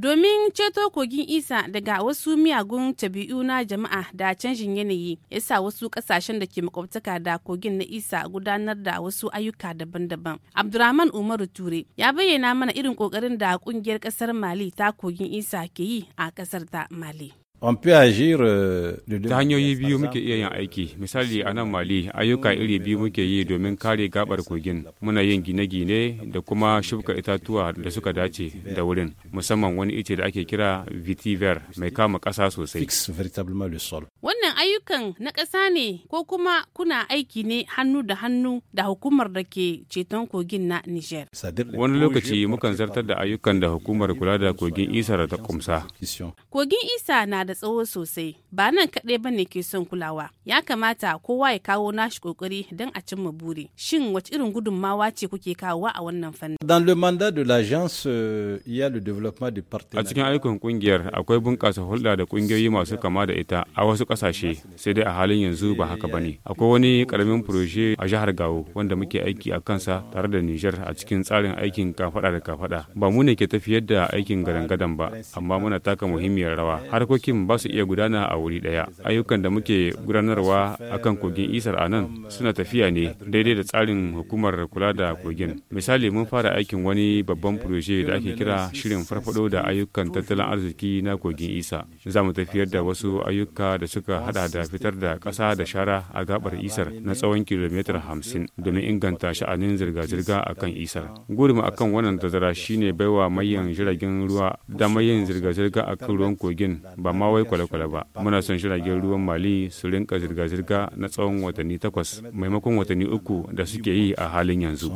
domin ceto kogin isa daga wasu miyagun tabi'u na jama'a da canjin yanayi ya sa wasu kasashen da ke makwabtaka da kogin na isa gudanar da wasu ayyuka daban-daban abdurrahman umaru ture ya bayyana mana irin kokarin da kungiyar kasar mali ta kogin isa ke yi a kasar ta mali Euh, ta hanyoyi biyu muke iya yin aiki euh, misali a nan mali ayyuka iri biyu muke yi domin kare gabar kogin muna yin gine-gine da kuma shubka itatuwa da suka dace da wurin musamman wani ice da ake kira vitiver mai kama ƙasa sosai wannan ayyukan na ƙasa ne ko kuma kuna aiki ne hannu da hannu da hukumar da ke ceton kogin na niger wani lokaci mukan zartar da ayyukan da hukumar kula da kogin isa da ta kogin isa na da tsawo sosai ba nan kaɗai ba ne ke son kulawa ya kamata kowa ya kawo nashi kokari don a cimma buri shin wace irin gudunmawa ce kuke kawowa a wannan fannin dans le mandat de l'agence euh, il y a le développement du a cikin aikin kungiyar akwai bunƙasa hulɗa da kungiyoyi masu kama da ita a wasu ƙasashe sai dai a halin yanzu ba haka ne. akwai wani ƙaramin proje a jihar Gawo wanda muke aiki a kansa tare da Nijar a cikin tsarin aikin kafada da kafada ba mu ne ke tafiyar da aikin gadan-gadan ba amma muna taka muhimmiyar rawa harkokin ayyukan ba su iya gudana a wuri ɗaya ayyukan da muke gudanarwa akan kogin isar a nan suna tafiya ne daidai da tsarin hukumar kula da kogin misali mun fara aikin wani babban proje da ake kira shirin farfado da ayyukan tattalin arziki na kogin isa za mu tafiyar da wasu ayyuka da suka hada da fitar da ƙasa da shara a gabar isar na tsawon kilomitar hamsin domin inganta sha'anin zirga-zirga a kan isar gurin akan wannan tazara shine baiwa mayan jiragen ruwa damar yin zirga-zirga a kan ruwan kogin ba ma ma wai kwale-kwale ba muna son jiragen ruwan mali su rinka zirga-zirga na tsawon watanni takwas maimakon watanni uku da suke yi a halin yanzu